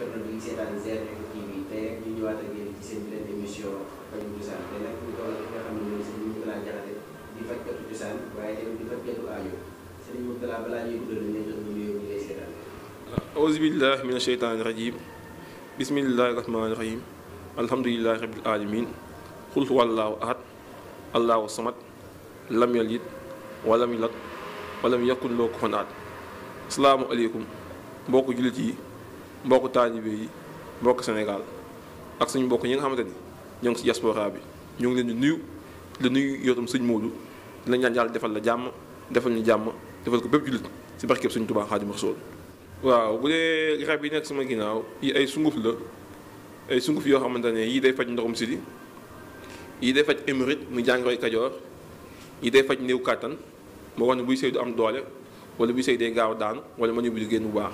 intervenirse daal di gérer Eco TV tey rek ñu ñëwaat ak yéen ci seen beneen émission fajum cosaan tey nag ñu doon ki nga xam ne mooy sëriñ Mourtala Jaxate di fajkatu cosaan waaye tamit di fajkatu aajo sëriñ Mourtala balaa ñuy dugal ñu jox ñu nuyoo ñu lay seetaan. أعوذ بالله من الشيطان الرجيم بسم الله الرحمن الرحيم الحمد لله رب العالمين قل هو الله أحد الله الصمد لم يلد ولم يولد ولم يكن له كفوا أحد السلام عليكم mbokk jullit yi mbokk taalibe yi mbokk Sénégal ak suñu mbokk yi nga xamante ni ñoo ngi si diaspora bi ñoo ngi leen di nuyu di nuyu yow tam sëñ Moodu di la ñaan defal la jàmm defal ñu jàmm defal ko bépp jullit si barkeeb suñu Tuubaa Xaadimu Rasuul waaw bu dee garab yi nekk sama ginnaaw yi ay sunguf la ay sunguf yoo xamante ne yii day faj ndoxum sidi yii day faj émérite mu jàngoroy kajoor yii day faj néew kàttan moo wax ne buy sëy du am doole wala buy sëy day gaaw daanu wala mënu bi bu baax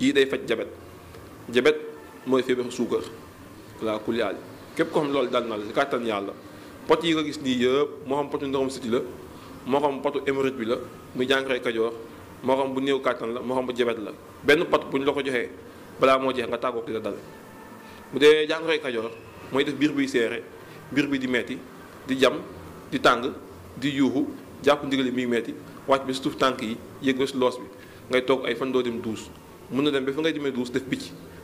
yii day faj jabet jabet mooy feebaru suukar la kuliyaal képp ko xam loolu dal na la si kàttan yàlla pot yi nga gis nii yëpp moo xam potu ndoxum siti la moo xam potu hémorroïde bi la muy jàngoroy kajoor moo bu néew kàttan la moo xam bu jabet benn pot bu ñu la ko joxee balaa moo jeex nga tàggoog di la dal bu dee jàngoroy kajoor mooy def biir buy seere biir bi di metti di jam di tàng di yuuxu jàpp ndigali mi metti wàcc bi si suuf tànk yi yëg ba si loos bi ngay toog ay fan doo dem duus mun na dem ba fa ngay demee duus def picc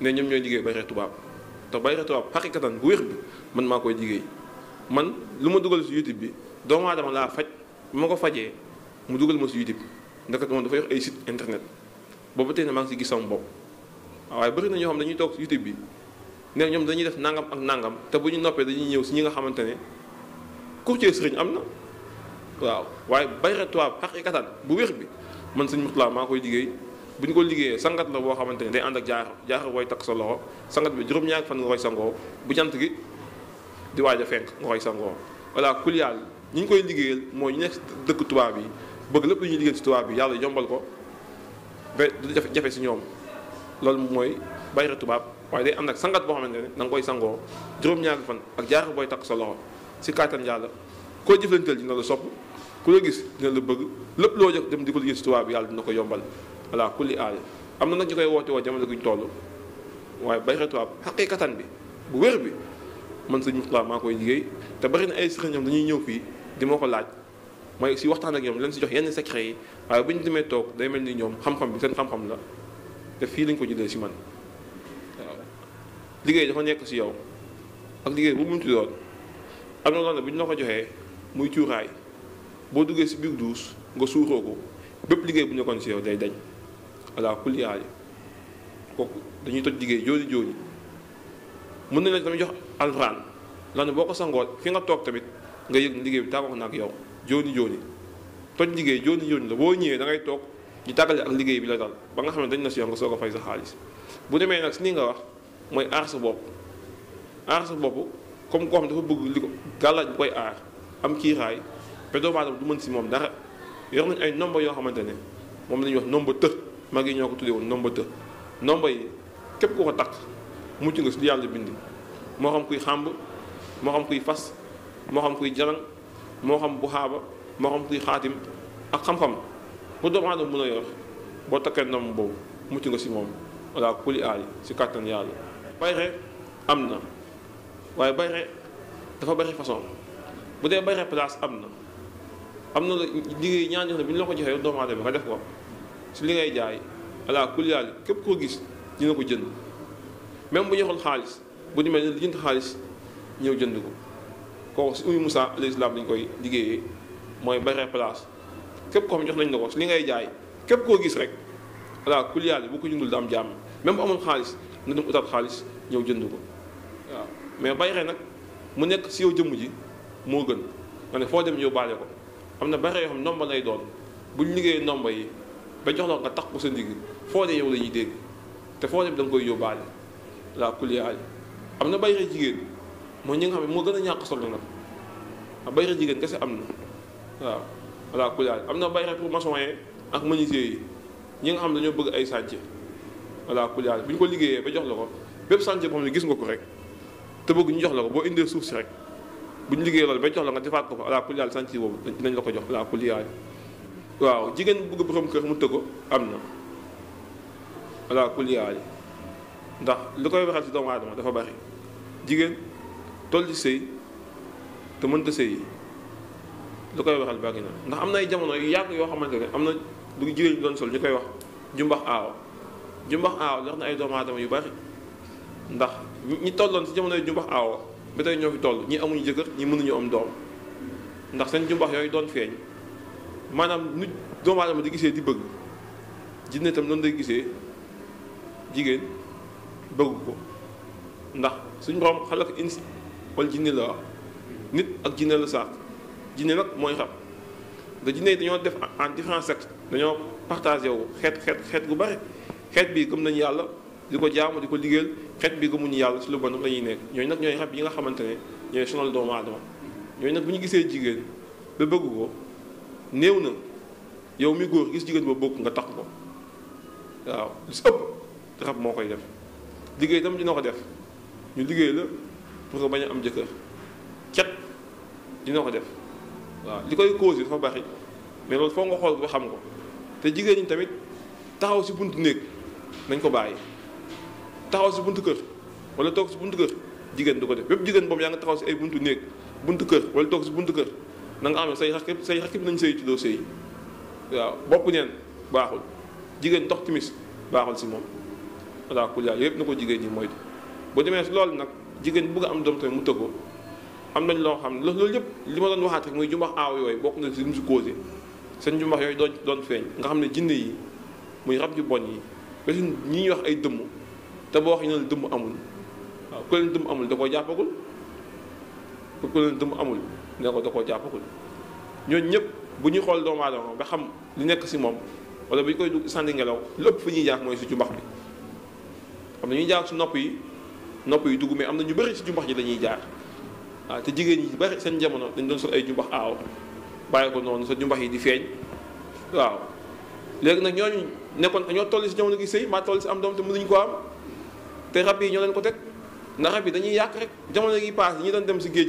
ne ñoom ñooy liggéey baykat tubaab te baykat tubaab xaqiqatan bu wér bi man maa koy liggéey man lu ma dugal si YouTube bi doomu aadama laa faj ma ko fajee mu dugal ma si YouTube ndakat moom dafa ay site internet boobu tey ne maa ngi si gis sama waaye bëri na ñoo xam dañuy toog si YouTube bi ne ñoom dañuy def nangam ak nangam te bu ñu noppee dañuy ñëw si ñi nga xamante ne courtier sëriñ am na waaw waaye baykat tubaab xaqiqatan bu wér bi man sëñ Mourtala maa koy liggéey bu ñu ko liggéeyee sangat la boo xamante ne day ànd ak jaax jaaxar booy takk sa loxo sangat bi juróom-ñaari fan nga koy bu jant gi di waaj a fenk sangoo voilà kuliyaal ñi koy liggéeyal mooy ñu dëkk tubaab yi bëgg lépp lu ñuy liggéeyal ci tubaab bi yàlla yombal ko ba du jafe jafe si ñoom loolu mooy bayre tubaab waaye day am nag sangat boo xamante ne da koy sangoo juróom-ñaari fan ak jaaxar booy takk sa loxo si kàttan yàlla koo jëflanteel dina la sopp ku la gis dina la bëgg lépp loo jëf dem di ko liggéey si tubaab bi yàlla dina ko yombal ala kulli aal am na nag ñu koy woote woo jamono guñ toll waaye baykat waa katan bi bu wér bi man sëñ Moustapha maa koy liggéey te bari na ay sëriñ ñoom dañuy ñëw fii di ma ko laaj mooy si waxtaan ak ñoom leen si jox yenn secret yi waaye bu ñu demee toog day mel ni ñoom xam-xam bi seen xam-xam la te fii lañ ko jëlee si man waaw liggéey dafa nekk si yow ak liggéey bu mu doon am na loolu bu ñu la ko joxee muy cuuraay boo duggee si biir duus nga suuroo ko bépp liggéey bu nekkoon si day dañ ala kulli aali kooku dañuy toj liggéey jooni jooni mën nañ la tamit jox alxuraan lan boo ko sangoot fi nga toog tamit nga yëg liggéey bi tàggoog na yow jooni jooni toj liggéey jooni jooni la boo ñëwee da ngay toog ñu tàggale ak liggéey bi la dal ba nga xam ne dañ na si yow nga soog a fay sa xaalis bu demee nag si ni nga wax mooy aar sa bopp aar sa bopp comme koo xam dafa bëgg li ko gàllaaj bu koy aar am kiiraay ba doomu aadama du mën si moom dara yor nañ ay nombre yoo xamante ne moom lañuy wax nombre të mag yi ñoo ko tuddee woon ndomba të ndomba yi képp ku ko takk mucc nga si yàlla bind moo xam kuy xàmb moo xam kuy fas moo xam kuy jalan moo xam bu xaaba moo xam kuy xaatim ak xam-xam bu doomu aadama mën a yor boo takkee ndomb boobu mucc nga si moom walla kuli aali si kàttan yàlla bayre am na waaye bayre dafa bayre façon bu dee bayre place am na am na liggéey ñaan jox ne bi ñu la ko joxee doomu aadama nga def ko si li ngay jaay ala kulli haal képp koo gis dina ko jënd même bu ñu xaalis bu demee ne jënd xaalis ñëw jënd ko kooku si umu Moussa alayhi salaam dañu koy liggéeyee mooy bare place képp ko xam jox nañ la ko si li ngay jaay képp koo gis rek ala kulli haal bu ko jëndul da am jàmm même bu amul xaalis na dem utaat xaalis ñëw jënd ko waaw mais bayre nag mu nekk si yow jëmm ji moo gën nga ne foo dem yóbbaale ko am na bare yoo xam nomba lay doon buñ liggéeyee nomba yi ba jox la nga tax ko sa ndigg foo ne yow la ñuy dégg te foo dem da nga koy yóbbaale la kuliyaay am na bayre jigéen mooy ñi nga xam ne moo gën a ñàkk solo nag a bayre jigéen kese am na waaw la kuliyaay am na bayre pour maçon yi ak menuisier yi ñi nga xam ne dañoo bëgg ay chantier la kuliyaay bu ñu ko liggéeyee ba jox la ko bépp chantier boo xam ne gis nga ko rek te bëgg ñu jox la ko boo indee suuf si rek bu ñu liggéeyee loolu ba jox la nga defaat ko ko la kuliyaay chantier boobu dinañ la ko jox la kuliyaay waaw jigéen bëgg borom kër mu tëggu am na voilà kuliyaali ndax li koy waxal ci doomu aadama dafa bari jigéen toll ci sëy te mënta sëy yi lu koy waxal bari na ndax am na ay jamono yu yàgg yoo xamante ne am na lu jigéen ñu doon sol ñu koy wax jumbax aaw jumbax aaw jox na ay doomu aadama yu bari ndax ñi tolloon ci jamono yu jumbax aaw ba tey ñoo fi toll ñi amuñu jëkkër ñi mënuñu am doom ndax seen jumbax yooyu doon feeñ maanaam nu doomu aadama di gisee di bëgg jinne tam noonu day gisee jigéen bëgg ko ndax suñu borom xalaq ins wala jinne la nit ak jinne la saat jinne nag mooy rab da jinne yi dañoo def en différents sectes dañoo partagé wu xeet xeet xeet gu bari xeet bii gëm nañu yàlla di ko jaamu di ko liggéeyal xeet bi gëmuñu yàlla si lu bon la ñuy nekk ñooñu nag ñooy rab yi nga xamante ne ñooy sonal doomu aadama ñooñu nag bi ñu gisee jigéen ba bëgg ko néew na yow mi góor gis jigéen ba bokk nga tax ko waaw li si ëpp rab moo koy def liggéey tam dina ko def ñu liggéey la pour nga bañ a am jëkkër cet dina ko def waaw li koy cause yi dafa bari mais loolu foo nga xool ba xam ko te jigéen ñi tamit taxaw si buntu néeg nañ ko yi taxaw si buntu kër wala toog si buntu kër jigéen du ko def bépp jigéen boobu yaa nga taxaw si ay buntu néeg buntu kër wala toog si buntu kër nanga nga xam ne say xaq yëpp say xaq nañu sëy ci doo sëy waaw bopp neen baaxul jigéen dox timis baaxul si moom voilà ku yàlla yëpp na ko jigéen ñi moytu bu demee si loolu nag jigéen bugg am doom tamit mu tëggoo am nañ loo xam ne loolu yëpp li ma doon waxaat rek muy jumbax aaw yooyu bokk na si lim si causé seen jumbax yooyu doon doon feeñ nga xam ne jinne yi muy rab yu bon yi parce que ñi wax ay dëmm te boo wax ñu ne dëmm amul waaw ku leen dëmm amul da koo jàppagul ku leen dëmm amul ne ko jàppakul ñooñu ñëpp bu ñuy xool doomu aadama ba xam li nekk si moom wala bu ñu koy dugg sànni ngelaw lépp fi ñuy jaar mooy si jumbax bi am na ñuy jaar si nopp yi nopp yi dugg mais am na ñu bari si jumbax ji la ñuy jaar waaw te jigéen ñi bari seen jamono dañ doon sol ay jumbax aw bàyyi ko noonu sa jumbax yi di feeñ waaw léegi nag ñooñu nekkoon ñoo toll si jamono gi sëy maa toll si am doom te mënuñu ko am te rab yi ñoo leen ko teg ndax rab yi dañuy yàq rek jamono gi paas ñi doon dem si géej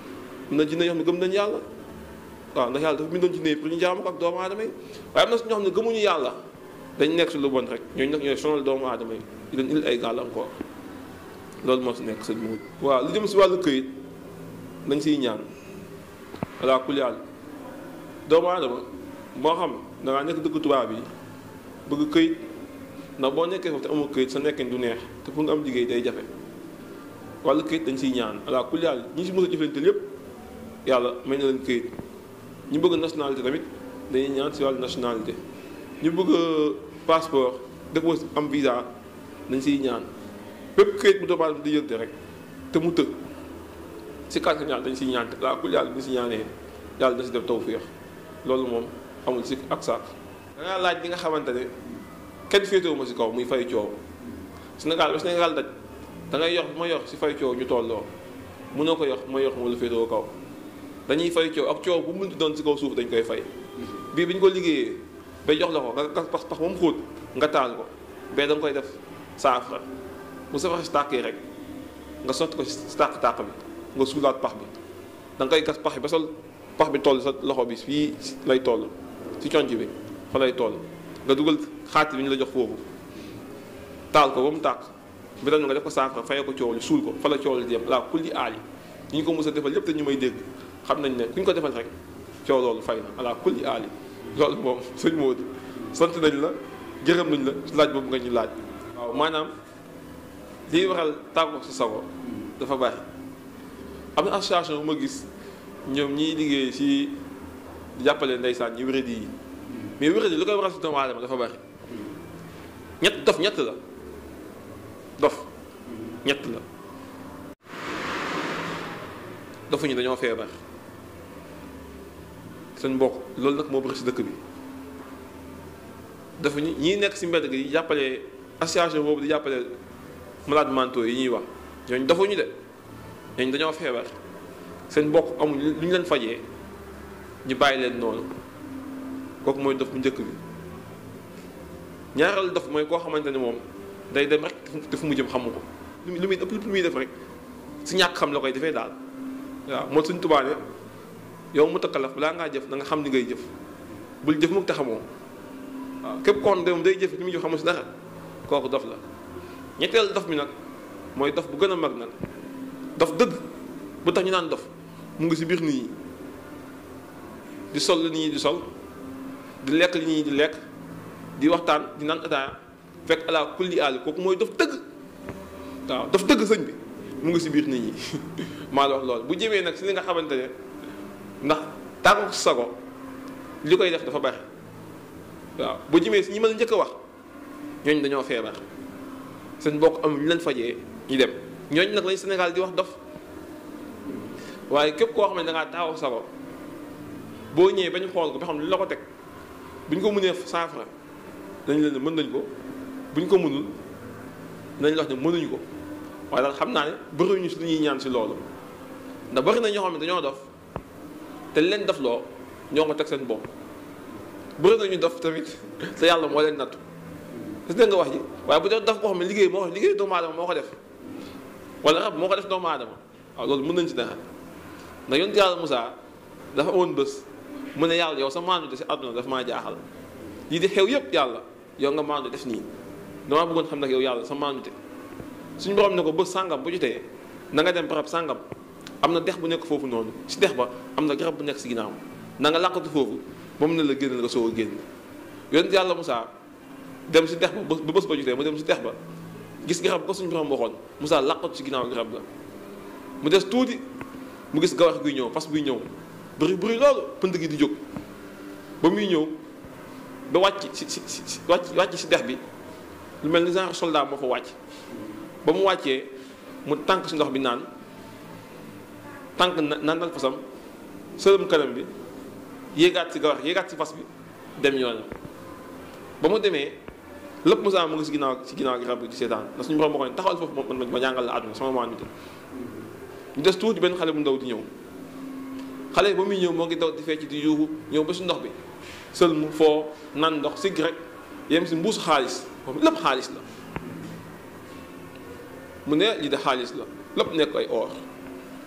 am na jinne yoo xam ne gëm nañu yàlla waaw ndax yàlla dafa bindoon jinne yi pour ñu jaamu ko ak doomu aadama yi waaye am na si ñoo xam ne gëmuñu yàlla dañ nekk si lu bon rek ñoo nag ñooy sonal doomu aadama yi ay gàllankoor loolu moo si nekk sëñ Maodo. waaw lu si wàllu këyit dañ siy ñaan voilà doomu aadama moo xam da ngaa tubaab yi bëgg këyit ndax boo nekkee foofu te amoo këyit sa nekkin neex te pour nga am liggéey day jafe wàllu këyit dañ siy ñaan voilà kulial ñi si mos a jëflante lépp yàlla may na leen këyit ñu bëgg nationalité tamit dañuy ñaan si wàllu nationalité ñu bëgg euh, passeport dëkk am visa dañ siy ñaan bépp këyit bu doomu aadama di yënte rek te mu tëgg si kàttan yàlla dañ siy ñaan te laa kul yàlla bi si ñaanee yàlla da si def loolu moom amul si ak saak dangaa laaj li nga xamante ne kenn féetewu ma si kaw muy fay coow Sénégal ba Sénégal daj da ngay yox ma yox si fay coow ñu tolloo mun mënoo ko yox ma yox ma lu féetewoo kaw dañuy fay coow ak coow bu mu mënti doon si kaw suuf dañ koy fay bii bi ñu ko liggéeyee ba jox la ko nga gas pax pax moom xóot nga taal ko bee da nga koy def saafara mu safara si rek nga sotti ko si tàq-tàq bi nga suulaat pax bi da nga koy gas ba sol pax bi toll sa loxo bi fii lay toll si conc bi fa lay nga dugal xaati bi ñu la jox foofu taal ko mu tàkk bi nga def ko saafara fayee ko coow li suul ko fa la coow li di yem laa kulli aali ñu ko mos sa defal yépp te ñu may dégg xam nañ ne ku ko defal rek coow loolu fay na ala kulli aali loolu moom sëñ Modou sant nañ la gërëm nañ la ci laaj boobu nga ñu laaj. waaw maanaam liy waral tàggu sa sago dafa bari am na association bu ma gis ñoom ñiy liggéey ci jàppale ndeysaan ñi wéradi yi mais wéradi lu koy waral si doomu aadama dafa bari ñett dof ñett la dof ñett la dofuñu dañoo feebar. seen mbokk loolu nag moo bëri si dëkk bi dafa ñu ñiy nekk si mbedd gi jàppale association boobu di jàppale malades mentaux yi ñuy wax ñooñu dafuñu de ñooñu dañoo feebar seen mbokk amuñ lu ñu leen fajee ñu bàyyi leen noonu kooku mooy dof mu njëkk bi ñaareelu dof mooy koo xamante ne moom day dem rek te fu mu jëm xamu ko lu muy ëpp lu muy def rek si ñàkk xam la koy defee daal waaw moo suñ tubaane yow mu takkalaf balaa ngaa jëf na nga xam li ngay jëf bul jëf mukk te xamoo waaw képp kon de day jëf li muy jëf xamul si dara kooku dof la ñetteel dof mi nag mooy dof bu gën a mag nag dof dëgg bu tax ñu naan dof mu ngi si biir nit ñi di sol li nit ñi di sol di lekk li nit ñi di lekk di waxtaan di naan ataaya fekk ala kulli aal kooku mooy dof dëgg waaw dof dëgg sëñ bi mu ngi si biir nit ñi maa la wax loolu bu jëmee nag si li nga xamante ne ndax tànku sago li koy def dafa bari waaw bu jëmee si ñi ma la njëkk a wax ñooñ dañoo feebar seen bokk am ñu leen fajee ñu dem ñooñ nag lañ Sénégal di wax dof waaye képp koo xam ne da ngaa taawu sago boo ñëwee bañ xool ko ba xam ne li la ko teg bu ñu ko saafara dañ leen mën nañ ko bu ko mënul nañ la wax ne mënuñu ko waaye daal xam naa ne bëriwuñu si lu ñuy ñaan si loolu ndax bëri na ñoo xam ne dañoo dof te leen def loo ñoo ko teg seen bopp bëri ñu def tamit sa yàlla moo leen nattu gis nga wax ji waaye bu dee daf koo xam ne liggéey moo liggéey doomu aadama moo ko def wala rab moo ko def doomu aadama waaw loolu mën nañ ci dara ndax yonent yàlla Moussa dafa amoon bés mu ne yàlla yow sa maandu si àdduna daf maa jaaxal lii di xew yëpp yàlla yow nga maandu def nii damaa bëggoon xam nag yow yàlla sa maandu te suñu borom ne ko bés sàngam bu jotee na nga dem barab sàngam am na dex bu nekk foofu noonu si dex ba am na garab bu nekk si ginnaaw na nga làqatu foofu ba mu ne la génn nga soog a génn yonent yàlla Moussa dem si dex ba ba bés ba jotee mu dem si dex ba gis garab ko suñu borom waxoon Moussa làqatu si ginnaaw garab ga mu des tuuti mu gis gawax guy ñëw fas buy ñëw bëri bëri loolu pënd gi di jóg ba muy ñëw ba wàcc si si si wàcc wàcc si dex bi lu mel ni genre soldat moo ko wàcc ba mu wàccee mu tànk si ndox bi naan tànk nandal fasam sërëm kanam bi yéegaat ci gawax yéegaat si fas bi dem yoonam ba mu demee lépp mu saa mu ngi si ginnaaw si ginnaaw gi rab di seetaan ndax suñu borom moo ko ne taxawal foofu moom man ma jàngal la àdduna sama maam itam ñu des tuuti benn xale bu ndaw di ñëw xale ba muy ñëw moo ngi daw di fecc di yuuxu ñëw ba si ndox bi sël mu foo nan ndox sigg rek yem si mbuusu xaalis moom lépp xaalis la mu ne lii de xaalis la lépp nekk ay or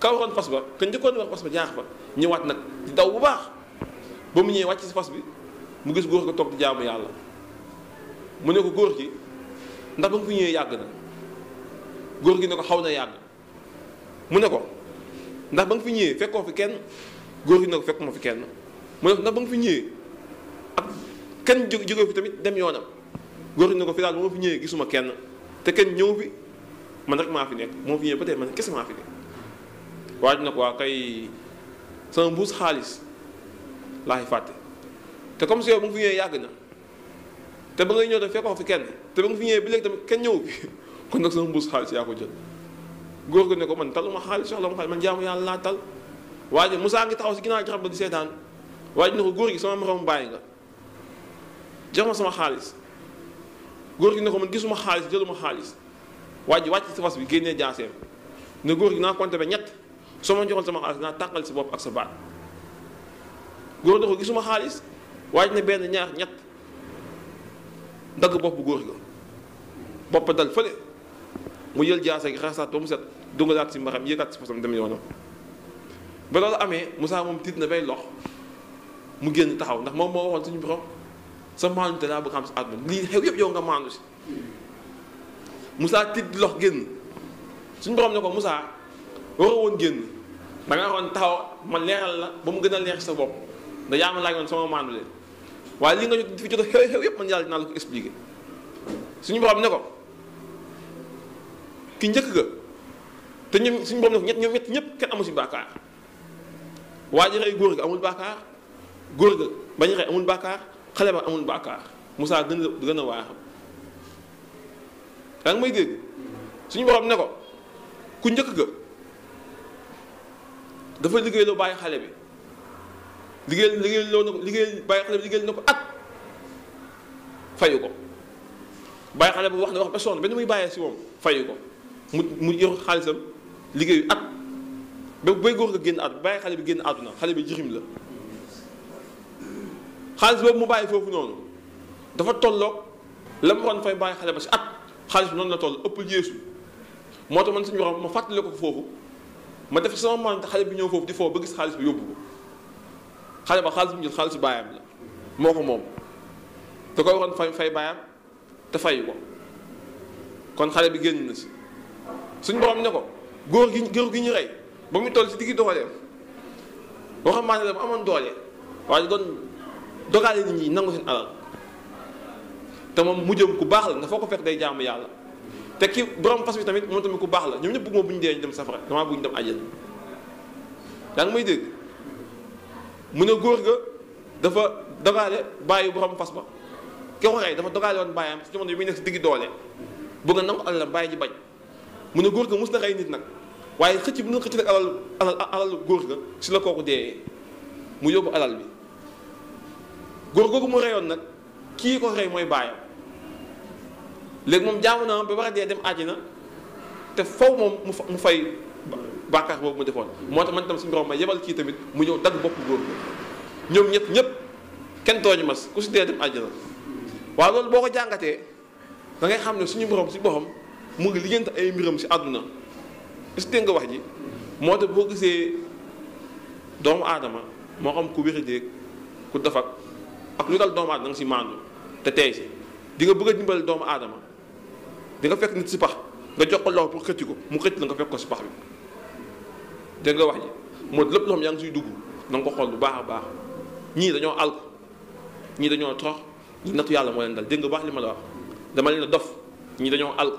ka waroon fas ba ka njëkkoon wax fas ba jaax fa ñëwaat nag di daw bu baax ba mu ñëwee wàcc si fas bi mu gis góor ko toog di jaamu yàlla mu ne ko góor gi ndax ba nga fi ñëwee yàgg góor gi ne ko xaw na yàgg mu ne ko ndax ba nga ñëwee fekkoo fi kenn góor gi ne ko fekkuma fi kenn mu ne ko ndax ba nga fi ñëwee ak kenn jóge fi tamit dem yoonam góor gi ne ko fi daal ba ma fi ñëwee gisuma kenn te kenn ñëw bi man rek maa fi nekk moo fi ñëwee ba tey man kese maa fi nekk waaj na ko waa kay sama mbuus xaalis laa fi fàtte te comme si yow bu nga fi ñëwee yàgg na te ba ngay ñëw tam fekkoo fi kenn te ba nga fi ñëwee bi léegi tamit kenn ñëw bi kon nag sama mbuus xaalis yaa ko jël góor gi ne ko man taluma xaalis soxla ma man jaamu yàlla laa tal waa ji ngi taxaw si ginnaaw jaxab ba di seetaan waa ko góor gi sama morom bàyyi nga jox sama xaalis góor gi ne ko man gisuma xaalis jëluma xaalis waaj ji wàcc si fas bi génnee jaaseem ne góor gi naa compté ba ñett soo ma joxoon sama xaalis naa tàqal si bopp ak sa baat góor na ko gisuma xaalis waaj na benn ñaar ñett dagg bopp góor ga bopp dal fële mu jël jaasa gi xasaat ba mu set dungalaat si mbaxam yëgaat si posam dem yoonam ba loolu amee Moussa moom tiit na bay lox mu génn taxaw ndax moom moo waxoon suñu borom sa te laa bëgg xam si àdduna lii xew yëpp yow nga maandu si Moussa tiit lox génn suñu borom ne ko Moussa waroo woon génn da nga taxaw ma leeral la ba mu gën a leer sa bopp da yaa ma laajoon sama maandu leen waaye li nga fi jot a xew-xew yëpp man yàlla la ko expliquer suñu borom ne ko ki njëkk ga te ñoom suñu borom ne ko ñett ñoom ñett ñëpp kenn amu si bàkkaar waa ji rey góor ga amul bàkkaar góor ga bañ rey amul bàkkaar xale ba amul bàkkaar musaa gën a gën a waaram yaa ngi may dégg suñu borom ne ko ku njëkk ga dafa liggéey loo bàyyi xale bi liggéey liggéey loo na ko liggéey bàyyi xale bi liggéey na ko at fayu ko bàyyi xale bu wax na wax ba sonn benn muy bàyyee si moom fayu ko mu mu yor xaalisam liggéey ak ba bay góor nga génn àdduna bàyyi xale bi génn àdduna xale bi jirim la xaalis boobu mu bàyyi foofu noonu dafa tolloog la mu waroon fay bàyyi xale ba si at xaalis bi noonu la toll ëpp jeesu moo tax man suñu wax ma fàttale ko foofu ma def sama man xale bi ñëw foofu di foofu ba gis xaalis bi yóbbu ko xale ba xaalis bi ñu jël xaalisu baayam la moo ko moom da koy waroon fay fay baayam te fay ko kon xale bi génn na si suñ borom ne ko góor gi góor gi ñu rey ba mu toll si diggi dooleem waxambaane la bu amoon doole waaye doon dogaale nit ñi nangu seen alal te moom mujjam ku baax la nga foo ko fekk day jaamu yàlla te ki borom fas bi tamit moom tamit ku baax la ñoom ñëpp bëgguma bu ñu dee ñu dem safara damaa bëgg ñu dem àjjana yaa ngi may dégg mu ne góor ga dafa dogaale bàyyi borom fas ba ki ko rey dafa dogaale woon bàyyam su jamono bi muy nekk si diggi doole bëgg na ko alal bàyyi ji bañ mu ne góor ga mos na rey nit nag waaye xëcc bu ñu xëcc nag alal alal góor ga si la kooku deeyee mu yóbbu alal bi góor googu mu reyoon nag kii ko rey mooy bàyyam léegi moom jaamu naa ba war a dee dem àjjana te faw moom mu mu fay bàkkaar boobu mu defoon moo tax man tam si borom ma yebal kii tamit mu ñëw dagg bopp góor ko ñoom ñëpp ñëpp kenn tooñu mas ku si dee loolu boo ko jàngatee da ngay xam ne suñu borom si boppam mu ngi liggéeyante ay mbiram si àdduna est-ce que wax ji moo tax boo gisee doomu aadama moo xam ku wéridéeg ku dafak ak lu dal doomu aadama da nga si maandu te tey si di nga bëgg a dimbali doomu aadama di nga fekk nit si pax nga jox ko loxo pour xëcc ko mu xëcc la nga fekk ko si pax bi dégg nga wax ji moo lépp loo yaa ngi siy dugg na nga ko xool bu baax a baax ñii dañoo alku ñii dañoo trox ñi nattu yàlla moo leen dal dégg nga baax li ma la wax dama leen a dof ñii dañoo alku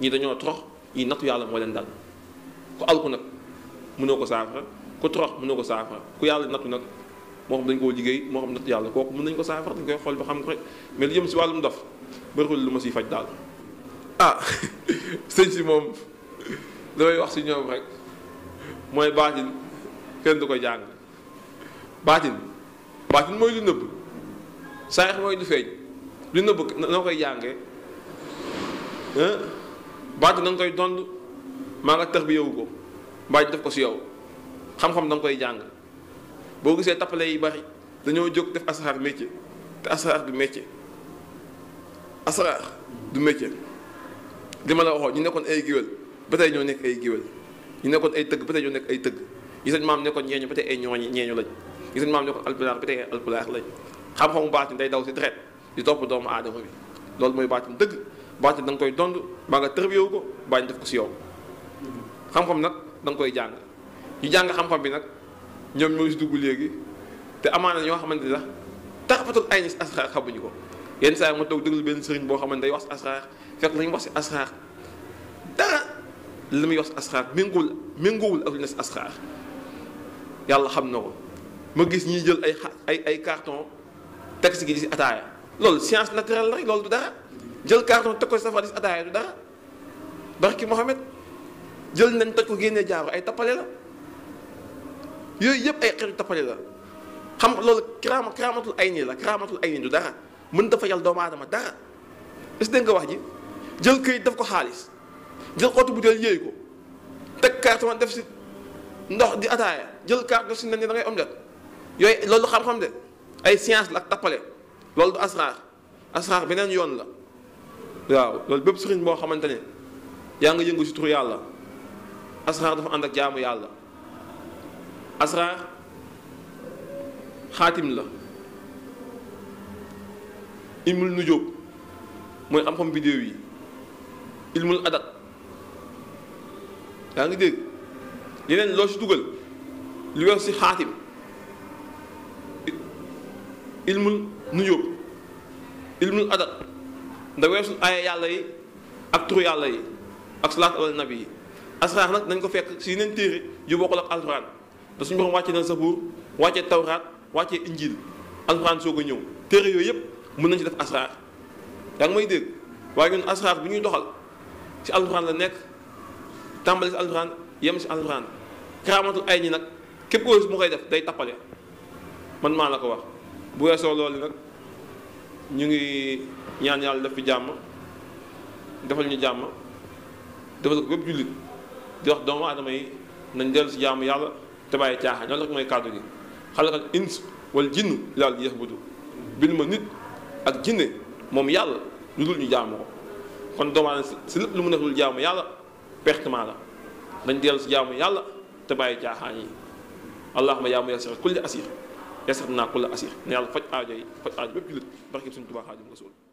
ñii dañoo trox ñii nattu yàlla moo leen dal ku alku nag mënoo ko saafara ku trox mënoo ko saafara ku yàlla nattu nag moo xam dañ koo liggéey moo xam nattu yàlla kooku mën nañ ko saafara dañ koy xool ba xam ko rek mais li jëm si wàllum dof bërxul lu ma siy faj daal ah sëñ si moom damay wax si ñoom rek mooy baatin kenn du ko jàng baatin baatin mooy lu nëbb saayax mooy lu feeñ lu nëbb noo koy jàngee baatin da koy dond maa nga tax bi yowu ko mbaa def ko si yow xam-xam da koy jàng boo gisee tappale yi bari dañoo jóg def asraar métier te asraar du métier asraar du métier li ma la waxoon ñu nekkoon ay géwél ba tey ñoo nekk ay géwél ñu nekkoon ay tëgg ba tey ñoo nekk ay tëgg yi seen maam nekkoon ñeeñu ba tey ay ñeeñu lañ yi seen maam nekkoon alpulaar ba tey ay alpulaar lañ xam day daw si deret di topp doomu aadama bi loolu mooy baatin dëgg baatin da koy dond baa nga tërbiyewu ko baa ñu def yow xam nag da koy jàng ñu jàng xam bi nag ñoom ñoo si dugg léegi te amaana ñoo xamante ni sax taxafatul ay ni asraar xamuñu ko yenn saa yi ma toog déglu benn sëriñ boo xamante day wax asraar fekk lañ wax si asxaar dara li muy wax si asxaar méngoowul méngoowul ak li ne asxaar yàlla xam na ko ma gis ñi jël ay ay ay carton teg si gi di si ataaya loolu science naturelle rek loolu du dara jël carton teg ko si safara di si ataaya du dara barki Mohamed jël nañ toj ko génnee jaaru ay tapale la yooyu yëpp ay xeetu tapale la xam loolu kiraama kiraamatul ay nii la kiraamatul ay nii du dara mën dafa yal doomu aadama dara est-ce que nga wax ji jël këyit def ko xaalis jël xottu butéel yéey ko teg carton def si ndox di ataaya jël carte def si ne da ngay omelette yooyu loolu xam-xam de ay science la ak tappale loolu du asraar asraar beneen yoon la waaw loolu bépp sëriñ boo xamante ne yaa nga yëngu si turu yàlla asraar dafa ànd ak jaamu yàlla asraar xaatim la ilmul nujoob mooy am xam vidéo yi ilmu adat yang ngi dégg yeneen lo ci dugal li wax ci xaatim ilmul ilmu adat da weesul aaya yàlla yi ak turu yàlla yi ak salaat nabi yi asraar nag dañ ko fekk ci yeneen téere yu bokkul ak alxuraan da suñu borom wàcce na injil alquran soog a ñëw téere yooyu yëpp mën nañ ci def asraar yaa ngi may ñun ñuy doxal ci alxuraan la nekk tàmbali si alxuraan yem si alxuraan karaamatul ay ñi nag képp koo mu koy def day tappale man maa la ko wax bu weesoo loolu nag ñu ngi ñaan yàlla def fi jàmm defal ñu jàmm defal ko bépp jullit di wax doomu aadama yi nañ dellu si jàmm yàlla te bàyyi caaxaan loolu rek mooy kàddu gi xalaqal ins wal jinn laa liya'budu bind ma nit ak jinne moom yàlla lu dul ñu jaamu ko kon doomu aadama si lépp lu mu deful jaamu yàlla pertement la dañ dellu si jaamu yàlla te bàyyi jaaxaan yi allahuma yaa muyassir kulli asir yassir naa kulli asir ne yàlla faj aajo yi faj aajo bépp jullit barke suñu Tuubaa Xaadimu Rasuul